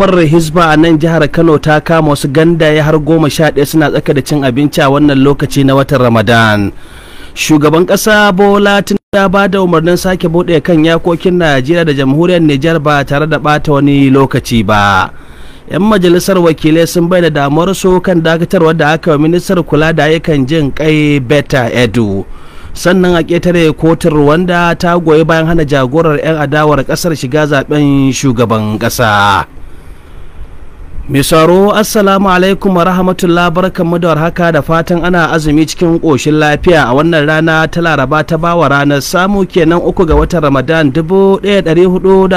hukumar hizba a nan jihar kano ta kama wasu gandaye har goma sha ɗaya suna tsaka da cin abinci a wannan lokaci na watan ramadan shugaban ƙasa bola ta ba da umarnin sake buɗe kan yakokin najeriya da jamhuriyar nijar ba tare da bata wani lokaci ba 'yan majalisar wakilai sun bai da bayyana su kan dakatarwar da aka wa ministar kula da ayyukan jin kai beta edu sannan a ƙetare kotun wanda ta goyi bayan hana jagorar 'yan adawar ƙasar shiga zaben shugaban ƙasa. misaro assalamu alaikum wa rahmatullah mu da warhaka da fatan ana azumi cikin ƙoshin lafiya a wannan rana ta laraba ta bawa ranar samu kenan uku ga watan ramadan 1445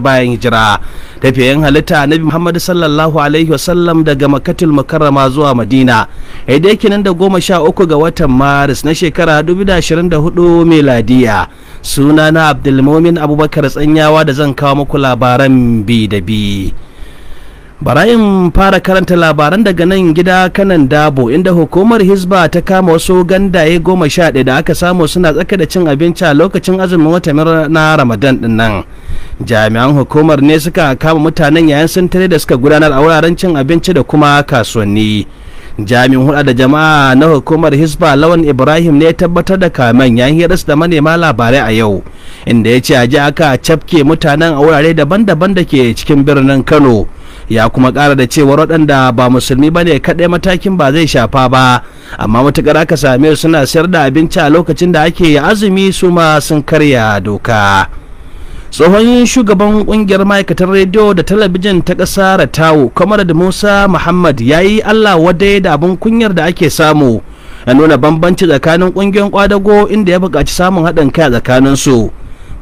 bayan hijira tafiyayen halitta nabi Muhammadu sallallahu alaihi wasallam daga makatul mukarrama zuwa madina aidai kenan da goma sha uku ga watan maris na shekara 2024 meladiya sunana abdulmumin abubakar tsanyawa da zan kawo muku labaran bi da bi barayin fara karanta labaran daga nan gida kanan dabo inda hukumar hisba ta kama wasu gandaye goma sha ɗaya da aka samu suna tsaka da cin abinci a lokacin azumin watan na ramadan din nan jami'an hukumar ne suka kama mutanen yayin sun tare da suka gudanar a wuraren cin abinci da kuma kasuwanni jami'in hulɗa da jama'a na hukumar hisba lawan ibrahim ne tabbatar da kamen ya hirarsa da manema labarai a yau inda ya ce a ji aka cafke mutanen a wurare daban-daban da ke cikin birnin kano ya kuma ƙara da cewa waɗanda ba musulmi ba ne kaɗai matakin ba zai shafa ba amma matuƙar aka same suna sayar da abinci a lokacin da ake azumi su ma sun karya doka. tsohon shugaban kungiyar ma'aikatar rediyo da talabijin ta ƙasa ratawo kamar da musa muhammad ya yi allah wadai da abin kunyar da ake samu ya nuna bambanci tsakanin ƙungiyar kwadago inda ya buƙaci samun haɗin kai a tsakaninsu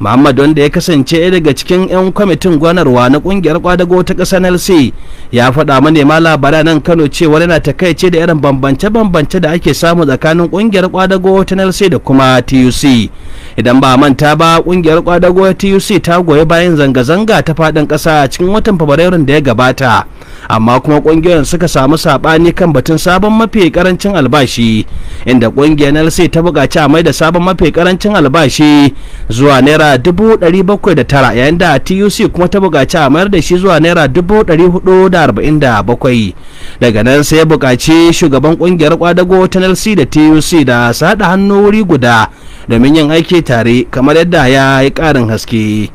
Muhammad wanda ya kasance daga cikin 'yan kwamitin gwanarwa na kungiyar kwadago ta na NLC ya faɗa manema labarai nan Kano cewa yana takaice da irin bambance-bambance da ake samu tsakanin ƙungiyar kwadago ta NLC da kuma TUC. Idan ba manta ba kungiyar kwadago TUC ta goyi bayan zanga-zanga ta faɗin ƙasa cikin watan Fabrairun da ya gabata. Amma kuma kungiyoyin suka samu saɓani kan batun sabon mafi karancin albashi inda kungiyar NLC ta buƙaci a mai da sabon mafi karancin albashi zuwa naira naira dubu ɗari bakwai da tara yayin da tuc kuma ta buƙaci a mayar da shi zuwa naira dubu ɗari hudu da arba'in da bakwai daga nan sai ya buƙaci shugaban ƙungiyar kwadago ta nlc da tuc da su haɗa hannu wuri guda domin yin aiki tare kamar yadda ya yi ƙarin haske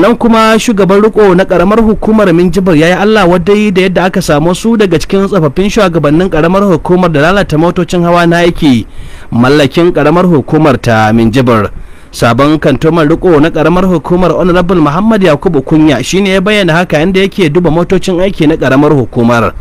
nan kuma shugaban riko na karamar hukumar minjibir ya yi allah wadai da yadda aka samu su daga cikin tsofaffin shugabannin karamar hukumar da lalata motocin hawa na aiki mallakin karamar hukumar ta minjibir sabon kantoman riko na karamar hukumar honorable muhammad yakubu kunya shine ya bayyana haka inda yake duba motocin aiki na karamar hukumar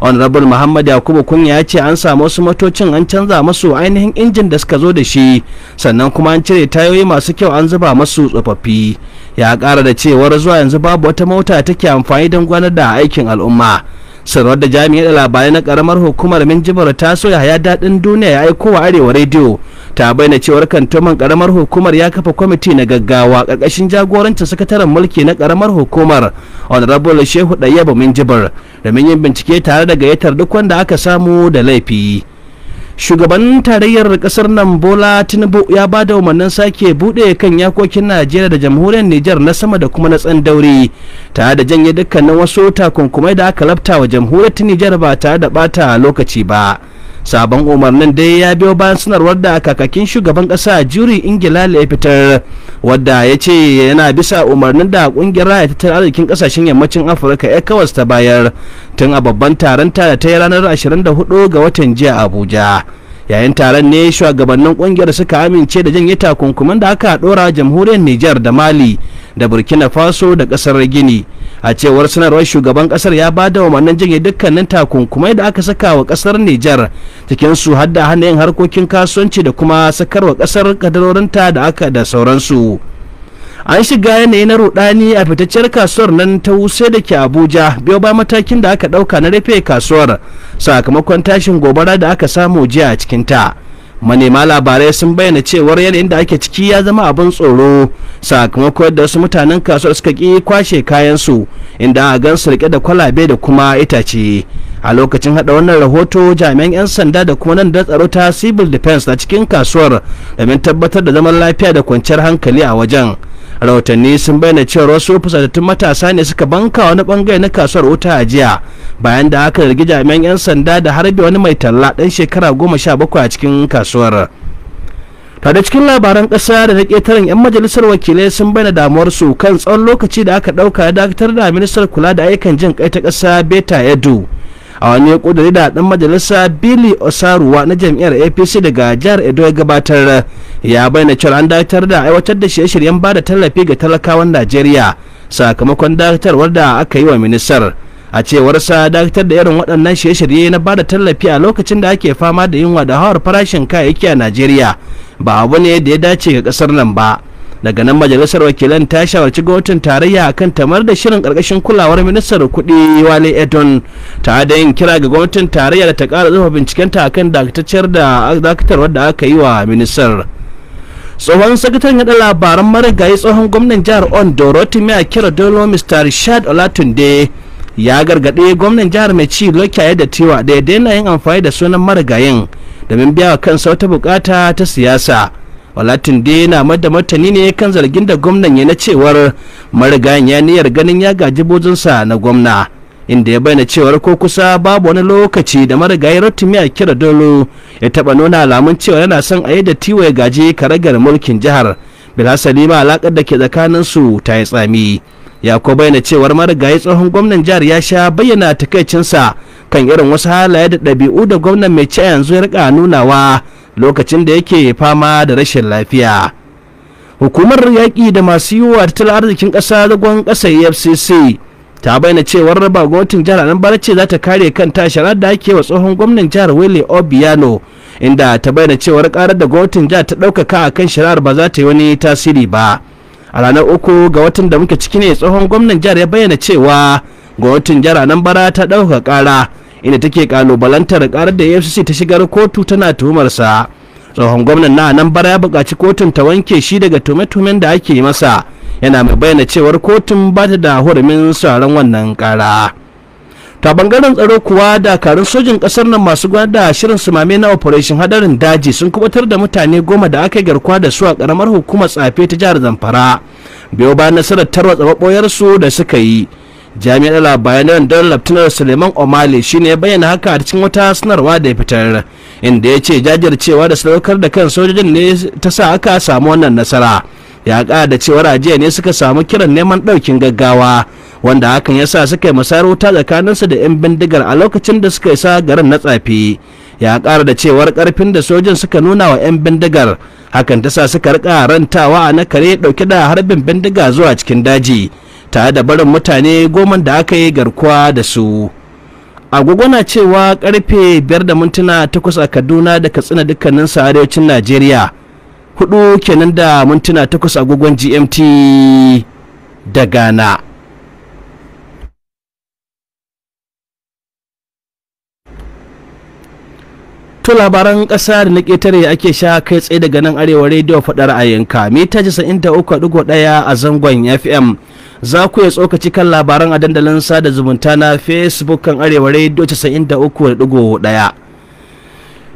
honorable muhammad yakubu kunya ya ce an samu wasu motocin an canza masu ainihin injin da suka zo da shi sannan kuma an cire tayoyi masu kyau an zuba masu tsofaffi ya kara da cewar zuwa yanzu babu wata mota take amfani don gwanar da aikin al'umma sanarwar da da labarai na karamar hukumar minjibar ta soya ya daɗin duniya ya aiko wa arewa rediyo ta bayyana cewar kantoman karamar hukumar ya kafa kwamiti na gaggawa ƙarƙashin jagorancin sakataren mulki na karamar hukumar honorable shehu ɗayyaba minjibar domin yin bincike tare da gayyatar duk wanda aka samu da laifi shugaban tarayyar kasar nan bola tinubu ya ba da umarnin sake bude kan yakokin najeriya da jamhuriyar nijar na sama da kuma na tsandauri tare da janye dukkanin wasu takunkumai da aka labta wa jamhuriyar nijar ba tare da bata lokaci ba sabon umarnin dai ya biyo bayan sanarwar da kakakin shugaban kasa juri ingila ya fitar wadda ya ce yana bisa umarnin da kungiyar raya tattalin arzikin kasashen yammacin afirka ecowas ta bayar tun a babban taron ta da ta yi ranar 24 ga watan jiya abuja yayin taron ne shugabannin kungiyar suka amince da janye takunkuman da aka dora jamhuriyar Nijar da Mali da Burkina Faso da kasar Gini a cewar sanarwar shugaban kasar ya bada wa wannan janye dukkanin takunkumai da aka saka wa kasar Nijar cikin su hadda hana yin harkokin kasuwanci da kuma sakarwa kasar kadarorinta da aka da sauransu. an shiga yanayi na rudani a fitaccen kasuwar nan ta wuse da ke abuja biyo ba matakin da aka dauka na rufe kasuwar sakamakon tashin gobara da aka samu jiya a cikin ta manema labarai sun bayyana cewar yanayin da ake ciki ya zama abin tsoro sakamakon da wasu mutanen kasuwar suka ki kwashe kayansu inda a gan su rike da kwalabe da kuma itace a lokacin hada wannan rahoto jami'an 'yan sanda da kuma nan da tsaro ta civil defense na cikin kasuwar domin tabbatar da zaman lafiya da kwanciyar hankali a wajen rahotanni sun bayyana cewa wasu fusatattun matasa ne suka banka wani bangare na kasuwar wuta a jiya bayan da aka zargi jami'an 'yan sanda da harbe wani mai talla dan shekara goma sha bakwai a cikin kasuwar da cikin labaran kasa da na ƙetaren 'yan majalisar wakilai sun bayyana damuwarsu kan tsawon lokaci da aka ɗauka ya dakatar da ministar kula da ayyukan jin kai ta ƙasa beta edu a wani kudiri da dan majalisa billy osaruwa na jam'iyyar apc daga jihar edo ya gabatar ya bayyana cewa an dakatar da aiwatar da shirye-shiryen ba da tallafi ga talakawan najeriya sakamakon dakatarwar da aka yi wa ministar a cewar sa dakatar da irin waɗannan shirye-shirye na ba da tallafi a lokacin da ake fama da yunwa da hawar farashin kayayyaki a najeriya ba abu ne da ya dace ga ƙasar nan ba daga nan majalisar wakilan ta shawarci gwamnatin tarayya akan tamar da shirin karkashin kulawar ministar kuɗi wale edon ta da yin kira ga gwamnatin tarayya da ta ƙara zuba bincikenta akan dakatacciyar da dakatarwar da aka yi wa ministar tsohon sakataren yada labaran marigayi tsohon gwamnan jihar ondo rotimi kira dolo mr richard olatunde ya gargaɗe gwamnan jihar mai ci lokiya da tiwa da na na yin amfani da sunan marigayin domin biya wa kansa wata bukata ta siyasa walatin da yana mada martani ne kan zargin da gwamnan ya na cewar marigayin ya ganin ya gaji bojinsa na gwamna inda ya bayyana cewar ko kusa babu wani lokaci da marigayi rotimi a kira dolo ya taba nuna alamun cewa yana son a yi tiwa ya gaji karagar mulkin jihar bilhassali ma alakar da ke tsakanin su ta yi tsami ya ko bayyana cewar marigayi tsohon gwamnan jihar ya sha bayyana takaicinsa kan irin wasu halaye da ɗabi'u da gwamnan mai ci yanzu ya rika nunawa lokacin da yake fama da rashin lafiya hukumar yaƙi da masu yiwuwa tattalin arzikin ƙasa zagon ƙasa efcc ta bayyana cewa raba gwamnatin jihar anambra ce za ta kare kanta sharar da ake wa tsohon gwamnan jihar wele obiano inda ta bayyana cewar karar da gwamnatin jihar ta ɗaukaka a kan shari'ar ba za ta yi wani tasiri ba a ranar uku ga watan da muke ciki ne tsohon gwamnan jihar ya bayyana cewa gwamnatin jihar bara ta ɗaukaka kara inda take kalubalantar karar da afcc ta shigar kotu tana tuhumarsa tsohon gwamnan na nan bara ya buƙaci kotun ta wanke shi daga tume da ake masa yana mai bayyana cewar kotun ba ta da hurumin sauran wannan kara ta bangaren tsaro kuwa dakarun sojin kasar nan masu gwada shirin sumame na operation hadarin daji sun kubutar da mutane goma da aka garkuwa da su a karamar hukumar tsafe ta jihar zamfara biyo bayan nasarar tarwatsa maɓoyarsu da suka yi jami'ar na don laftinar suleiman Omali, shine ya bayyana haka a cikin wata sanarwa da ya fitar inda ya ce jajircewa da sadaukar da kan sojojin ne ta sa aka samu wannan nasara ya ƙara da cewar rajiya ne suka samu kiran neman ɗaukin gaggawa wanda hakan ya sa suka yi masarauta tsakaninsu da 'yan bindigar a lokacin da suka isa garin na tsafi ya ƙara da cewar ƙarfin da sojin suka nuna wa 'yan bindigar hakan ta sa suka rika rantawa a na kare ɗauke da harbin bindiga zuwa cikin daji tare da barin mutane goma da aka yi garkuwa da su agogo na cewa karfe biyar da mintuna takwas a kaduna da katsina dukkanin sa arewacin najeriya hudu kenan da mintuna takwas agogon gmt da ghana to labaran ƙasa da na ƙetare ake sha kai tsaye daga nan arewa rediyo faɗar a yanka mita 93.1 a zangon fm za ku iya tsokaci kan labaran a dandalin sada zumunta na facebook kan arewa radio 93.1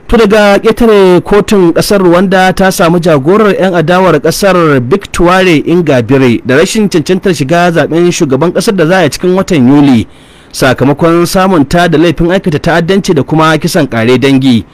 to daga ƙetare kotun ƙasar rwanda ta samu jagorar 'yan adawar ƙasar victoire ingabire da rashin cancantar shiga zaɓen shugaban ƙasar da za a cikin watan yuli sakamakon samun ta da laifin aikata ta'addanci da kuma kisan ƙare dangi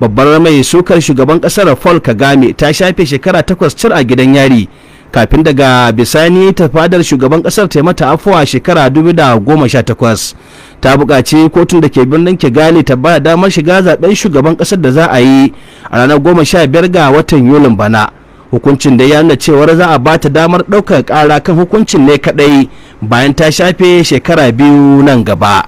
babbar mai sukar shugaban ƙasar paul kagame ta shafe shekara takwas cir a gidan yari kafin daga bisani ta fadar shugaban kasar ta mata afuwa shekara 2018 ta buƙaci kotun da ke birnin kigali ta bada damar shiga zaben shugaban kasar da za a yi a ranar 15 ga watan yulin bana hukuncin da ya nuna cewar za a ba ta damar ɗaukar ƙara kan hukuncin ne kaɗai bayan ta shafe shekara biyu nan gaba.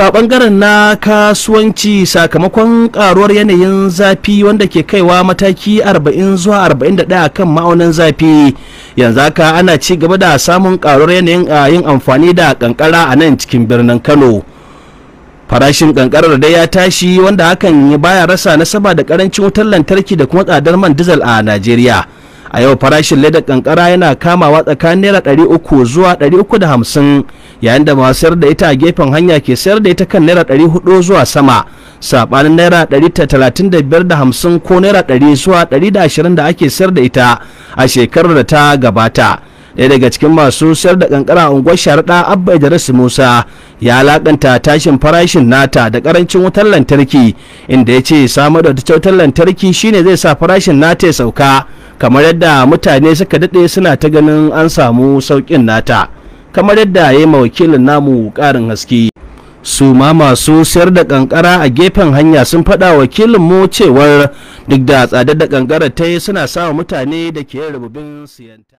to a bangaren na kasuwanci sakamakon karuwar yanayin zafi wanda ke kaiwa mataki 40 zuwa 41 kan ma'aunin zafi yanzu haka ana ci gaba da samun karuwar yanayin a yin amfani da kankara a nan cikin birnin kano farashin kankarar da ya tashi wanda hakan baya rasa nasaba da karancin wutar lantarki da kuma tsadar man dizal a najeriya a yau farashin ledar kankara yana kamawa tsakanin naira ɗari uku zuwa ɗari uku da hamsin yayin da masu sayar da ita a gefen hanya ke sayar da ita kan naira ɗari hudu zuwa sama saɓanin naira ɗari talatin da biyar da hamsin ko naira ɗari zuwa ɗari da ashirin da ake sayar da ita a shekarar da ta gabata. ɗaya daga cikin masu sayar da kankara a unguwar sharaɗa abba idris musa ya alakanta tashin farashin nata da karancin wutar lantarki inda ya ce samar da wutar lantarki shine zai sa farashin nata ya sauka kamar yadda mutane suka daɗe suna ta ganin an samu saukin nata kamar yadda ya yi wakilin namu karin haske su ma masu sayar da kankara a gefen hanya sun faɗa wakilin mu cewar duk da tsadar da kankara ta yi suna sawa mutane da ke rububin siyanta